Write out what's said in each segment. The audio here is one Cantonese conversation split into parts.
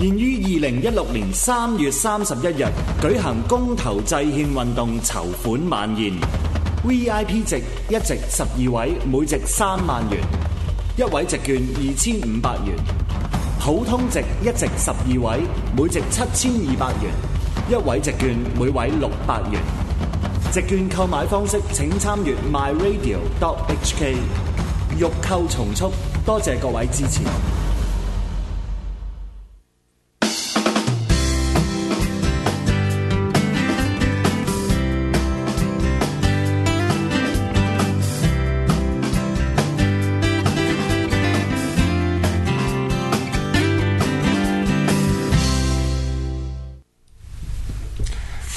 現於二零一六年三月三十一日舉行公投制憲運動籌款晚宴 VIP 席一席十二位，每席三萬元；一位席券二千五百元；普通席一席十二位，每席七千二百元；一位席券每位六百元。席券購買方式，請參閱 myradio.hk。欲購從速，多謝各位支持。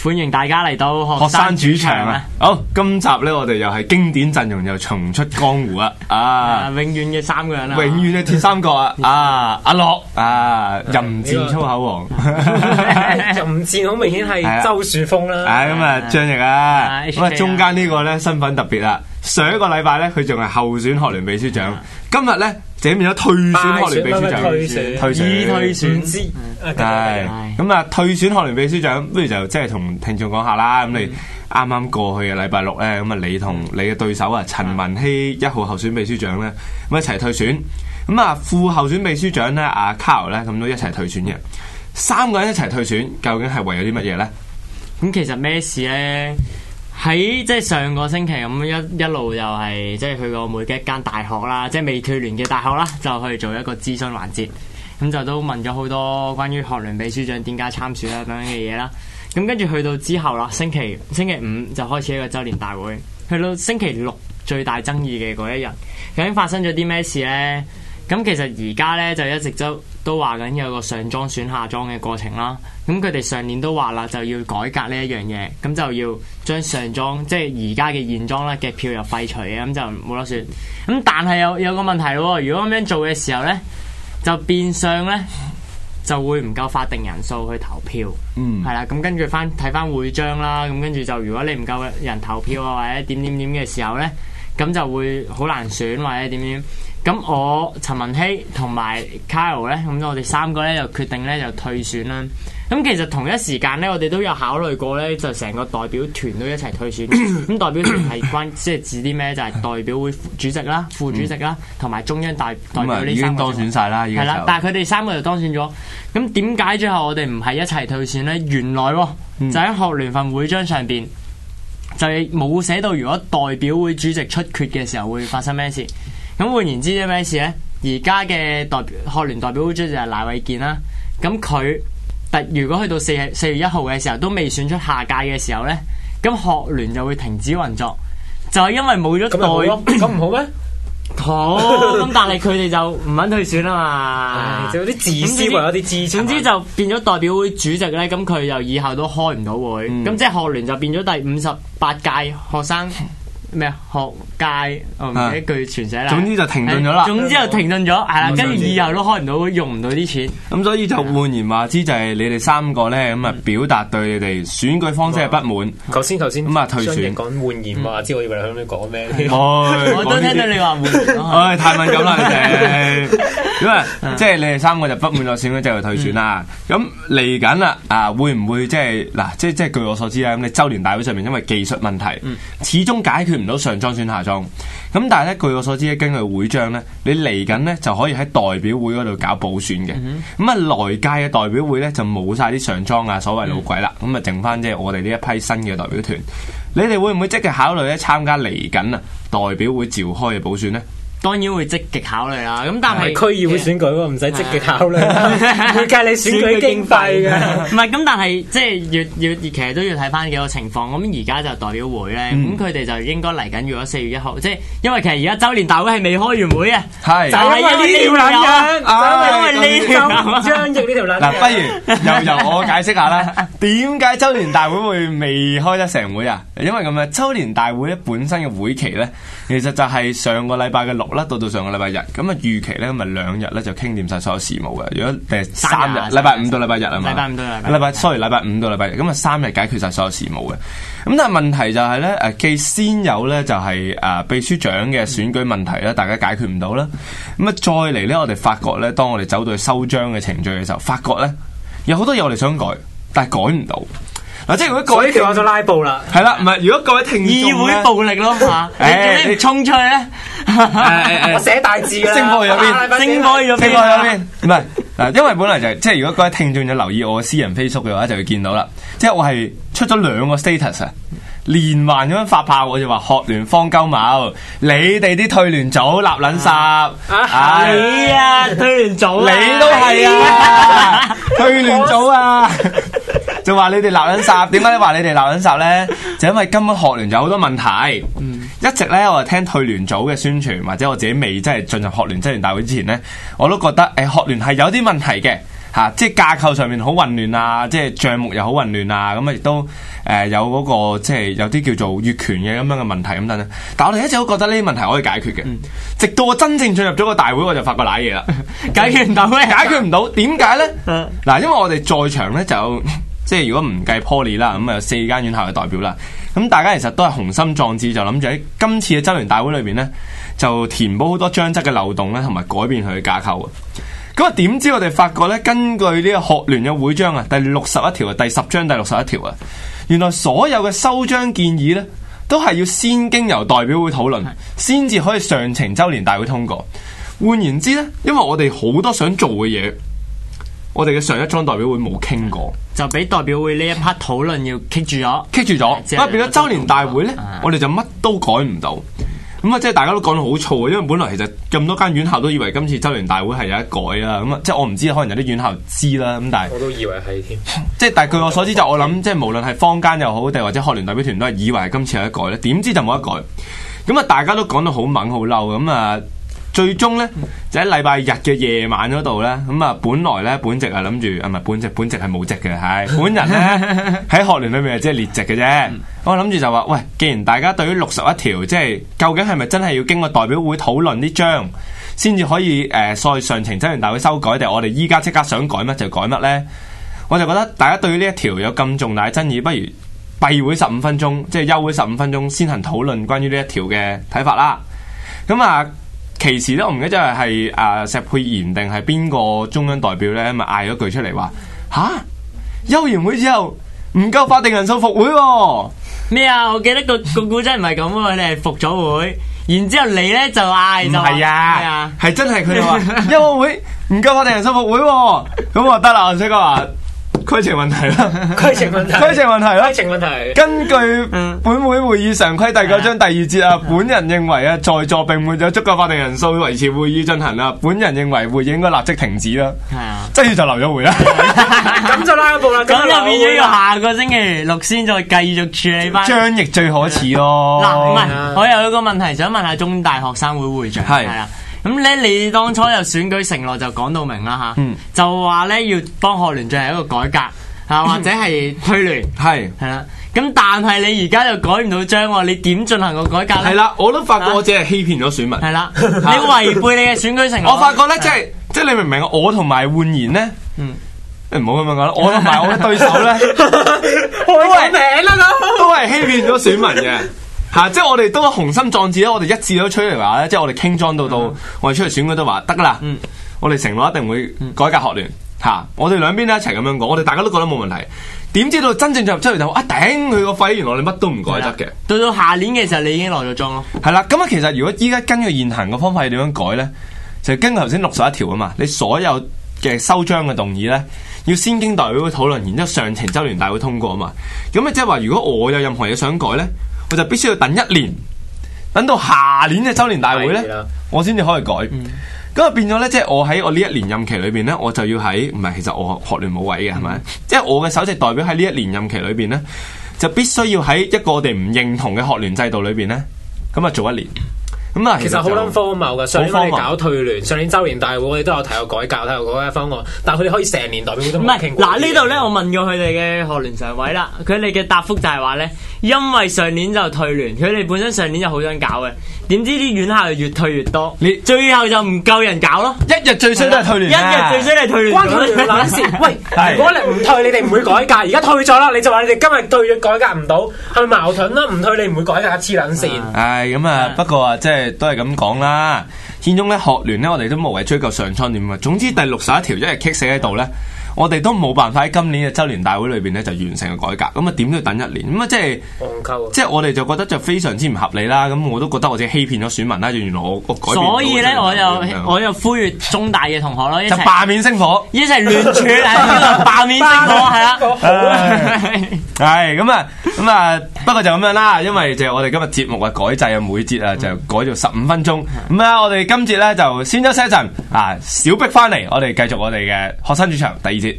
歡迎大家嚟到學生主場，生主場啊！好，今集呢，我哋又係經典陣容，又重出江湖 啊，啊！啊，永遠嘅三個人啦，永遠嘅鐵三角啊！啊，阿樂啊，淫賤粗口王，淫賤好明顯係周樹峰啦！咁啊，張翼 啊，咁啊， 中間呢個咧身份特別啦，上一個禮拜咧佢仲係候選學聯秘書長，嗯、哀 今日咧。整完咗退選學聯秘書長，已退選之，係咁啊！退選學聯秘書長，不如就即係同聽眾講下啦。咁你啱啱過去嘅禮拜六咧，咁啊你同你嘅對手啊陳文希一號候選秘書長咧，咁一齊退選。咁啊副候選秘書長咧阿 Caro 咧，咁都一齊退選嘅。三個人一齊退選，究竟係為咗啲乜嘢咧？咁其實咩事咧？喺即係上個星期咁一一路又係即係去過每嘅一間大學啦，即係未脫聯嘅大學啦，就去做一個諮詢環節，咁就都問咗好多關於學聯秘書長點解參選啦等等嘅嘢啦。咁跟住去到之後啦，星期星期五就開始一個周年大會，去到星期六最大爭議嘅嗰一日，究竟發生咗啲咩事呢？咁其實而家咧就一直都都話緊有個上莊選下莊嘅過程啦。咁佢哋上年都話啦，就要改革呢一樣嘢，咁就要將上莊即係而家嘅現莊咧嘅票又廢除嘅，咁就冇得選。咁但係有有個問題喎，如果咁樣做嘅時候咧，就變相咧就會唔夠法定人數去投票。嗯，係啦。咁跟住翻睇翻會章啦。咁跟住就如果你唔夠人投票啊，或者點點點嘅時候咧，咁就會好難選或者點點。咁我陳文希同埋 Caro 咧，咁我哋三個咧就決定咧就退選啦。咁其實同一時間咧，我哋都有考慮過咧，就成個代表團都一齊退選。咁 代表團係關即係指啲咩？就係、是、代表會主席啦、副主席啦，同埋中央大代、代表呢三。唔已經當選晒啦，係啦。但係佢哋三個就當選咗。咁點解最後我哋唔係一齊退選咧？原來喎，就喺學聯分會章上邊，就係冇寫到如果代表會主席出缺嘅時候會發生咩事。咁換言之有呢，咩事咧？而家嘅代表學聯代表會主席就係賴偉健啦。咁佢，但如果去到四月四月一號嘅時候都未選出下屆嘅時候咧，咁學聯就會停止運作，就係、是、因為冇咗代。咁唔 好咩？好。咁但係佢哋就唔肯退選啊嘛， 嗯、就啲自私，有啲自私。總之就變咗代表會主席咧，咁佢又以後都開唔到會。咁、嗯、即係學聯就變咗第五十八屆學生。咩學界？我唔記得句全寫啦。總之就停頓咗啦。總之就停頓咗，係啦。跟住以後都開唔到，用唔到啲錢。咁所以就換言話之，就係你哋三個咧咁啊，表達對你哋選舉方式嘅不滿。頭先頭先咁啊，退選講換言話知我以為喺度講咩？我都聽到你話換。唉，太敏感啦，你哋。咁啊，即係你哋三個就不滿咗選舉制度，退選啦。咁嚟緊啦，啊會唔會即係嗱？即即係據我所知啦，咁你周年大會上面因為技術問題，始終解決唔到上莊選下莊，咁但係咧，據我所知咧，根據會章咧，你嚟緊咧就可以喺代表會嗰度搞補選嘅，咁啊、mm，來屆嘅代表會咧就冇晒啲上莊啊，所謂老鬼啦，咁啊、mm，hmm. 剩翻即係我哋呢一批新嘅代表團，你哋會唔會即係考慮咧參加嚟緊啊代表會召開嘅補選呢？當然會積極考慮啦，咁但係區議會選舉喎，唔使積極考慮，佢計你選舉經費嘅。唔係咁，但係即係要要，其實都要睇翻幾個情況。咁而家就代表會咧，咁佢哋就應該嚟緊。如果四月一號，即係因為其實而家周年大會係未開完會啊，就係因為呢條人，就係因為呢條張翼呢條。嗱，不如由由我解釋下啦，點解周年大會會未開得成會啊？因為咁啊，周年大會咧本身嘅會期咧，其實就係上個禮拜嘅六。到到上個禮拜日，咁啊預期咧，咁啊兩日咧就傾掂晒所有事務嘅。如果第三日，禮拜五到禮拜日啊嘛，禮拜五到禮拜，禮拜，sorry，禮拜五到禮拜日，咁啊三日解決晒所有事務嘅。咁但係問題就係咧，誒既先有咧就係誒秘書長嘅選舉問題咧，大家解決唔到啦。咁啊再嚟咧，我哋發覺咧，當我哋走到去收章嘅程序嘅時候，發覺咧有好多嘢我哋想改，但係改唔到。即係如果各位條我就拉布啦，係啦，唔係如果各位聽眾議會暴力咯，你衝出去咧，我寫大字啊，睜開入邊，睜開咗邊，唔係嗱，因為本來就係即係如果各位聽眾有留意我嘅私人 Facebook 嘅話，就會見到啦，即係我係出咗兩個 status 啊，連環咁樣發炮，我就話學聯方鳩毛，你哋啲退聯組立撚殺，係啊，退聯組，你都係啊，退聯組啊。就話你哋鬧緊殺，點解你話你哋鬧緊殺呢？就 因為根本學聯有好多問題，嗯、一直呢，我就聽退聯組嘅宣傳，或者我自己未真係進入學聯職員大會之前呢，我都覺得誒、欸、學聯係有啲問題嘅吓、啊，即係架構上面好混亂啊，即係賬目又好混亂啊，咁亦都誒有嗰、那個即係有啲叫做越權嘅咁樣嘅問題咁等，等，但我哋一直都覺得呢啲問題可以解決嘅，嗯、直到我真正進入咗個大會，我就發覺瀨嘢啦，解決唔到，解決唔到，點解呢？嗱，因為我哋在場呢就。 即係如果唔計 poly 啦，咁啊有四間院校嘅代表啦，咁大家其實都係雄心壯志，就諗住喺今次嘅周年大會裏邊呢，就填補好多章則嘅漏洞咧，同埋改變佢嘅架構。咁啊，點知我哋發覺呢？根據呢個學聯嘅會章啊，第六十一條啊，第十章第六十一條啊，原來所有嘅修章建議呢，都係要先經由代表會討論，先至的可以上呈周年大會通過。換言之呢，因為我哋好多想做嘅嘢。我哋嘅上一莊代表會冇傾過，就俾代表會呢一 part 討論要 kick 住咗，kick 住咗。變咗周年大會咧，我哋就乜都改唔到。咁啊，即係大家都講到好燥，因為本來其實咁多間院校都以為今次周年大會係有一改啦。咁啊，即係我唔知，可能有啲院校知啦。咁但係我都以為係添。即係但係據我所知，就我諗，即係無論係坊間又好，定或者學聯代表團都係以為今次有一改咧。點知就冇得改。咁啊，大家都講到好猛好嬲咁啊！最終呢，就喺禮拜日嘅夜晚嗰度呢。咁啊，本來呢，本席係諗住，啊唔係本席，本席係冇席嘅，係本人呢，喺 學聯裏面啊，即係列席嘅啫。我諗住就話，喂，既然大家對於六十一條即係究竟係咪真係要經過代表會討論呢張，先至可以誒再，呃、上呈周年大會修改，定我哋依家即刻想改乜就改乜呢？我就覺得大家對於呢一條有咁重大爭議，不如閉會十五分鐘，即係休會十五分鐘，先行討論關於呢一條嘅睇法啦。咁啊。其時咧，我唔記得就係誒石佩賢定係邊個中央代表咧，咪嗌咗句出嚟話吓，休完會之後唔夠法定人數復會咩、哦、啊？我記得個個古仔唔係咁喎，你係復咗會，然之後你咧就嗌咗，唔係啊，係、啊、真係佢哋話休完會唔夠法定人數復會、哦，咁我得啦，即係話。規程問題啦，規程問題，規程問題啦，規程問題。根據本會會議常規第九章第二節啊， 本人認為啊，在座並沒有足夠法定人數維持會議進行啊，本人認為會議應該立即停止啦。係啊，即係就留咗會啦。咁就拉一步啦。咁入面呢要下個星期六先再繼續處理翻。張 翼最可恥咯。嗱，唔係，我有一個問題想問下中大學生會會長係。 是的 咁咧，你當初有選舉承諾就講到明啦，吓，嗯啊，就話咧要幫學聯進行一個改革吓，或者係推聯繫係啦。咁但係你而家又改唔到章喎，你點進行個改革係啦，我都發覺我只係欺騙咗選民。係啦，啊，你違背你嘅選舉承諾。我發覺咧，就是，即係即係你明唔明我，嗯嗯？我同埋煥然咧，嗯，唔好咁樣講，我同埋我嘅對手咧，開名啦咁，都係欺騙咗選民嘅。吓、 啊，即係我哋都雄心壯志咧，我哋一致都出嚟話咧，即係我哋傾裝到到，嗯、我哋出嚟選嘅都話得啦。嗯、我哋承諾一定會改革學聯。吓、啊，我哋兩邊咧一齊咁樣講，我哋大家都覺得冇問題。點知道真正入周嚟就，啊頂佢個肺！原來你乜都唔改得嘅。到到下年嘅時候，你已經落咗莊咯。係啦，咁啊，其實如果依家根據現行嘅方法點樣改咧，就係根據頭先六十一條啊嘛。你所有嘅收章嘅動議咧，要先經代表會討論，然之後上呈周聯大會通過啊嘛。咁啊，即係話如果我有任何嘢想改咧。我就必須要等一年，等到下年嘅周年大會咧，的我先至可以改。咁啊、嗯、變咗咧，即係我喺我呢一年任期裏邊咧，我就要喺唔係，其實我學聯冇位嘅係咪？即係，嗯，我嘅首席代表喺呢一年任期裏邊咧，就必須要喺一個我哋唔認同嘅學聯制度裏邊咧，咁啊做一年。咁啊，其實好撚荒謬噶，上年我哋搞退聯，上年周年大會我哋都有提過改革，提過嗰啲方案，但係佢哋可以成年代表都唔係。嗱呢度咧，我問過佢哋嘅學聯常委啦，佢哋嘅答覆就係話咧，因為上年就退聯，佢哋本身上年就好想搞嘅，點知啲院校越退越多，你最後就唔夠人搞咯，一日最衰都係退聯，一日最衰都係退聯。關佢哋咩事？喂，如果你唔退，你哋唔會改革，而家退咗啦，你就話你哋今日退咗改革唔到，係咪矛盾啦？唔退你唔會改革，黐撚線。係咁啊，不過啊，即係。都係咁講啦，始終咧學聯咧，我哋都無謂追究上蒼啊。總之第六十一條，一係卡死喺度咧。我哋都冇辦法喺今年嘅周年大會裏邊咧就完成個改革，咁啊點都要等一年，咁啊即係，即係我哋就覺得就非常之唔合理啦，咁我都覺得我哋欺騙咗選民啦，就原來我改，所以咧，我又我又呼籲中大嘅同學咯，一齊，就罷免星火，一齊聯署罷免星火，係啊，係咁啊，咁啊，不過就咁樣啦，因為就係我哋今日節目嘅改制啊，每節啊就改咗十五分鐘，咁啊，我哋今節咧就先休息一陣啊，小碧翻嚟，我哋繼續我哋嘅學生主場第二節。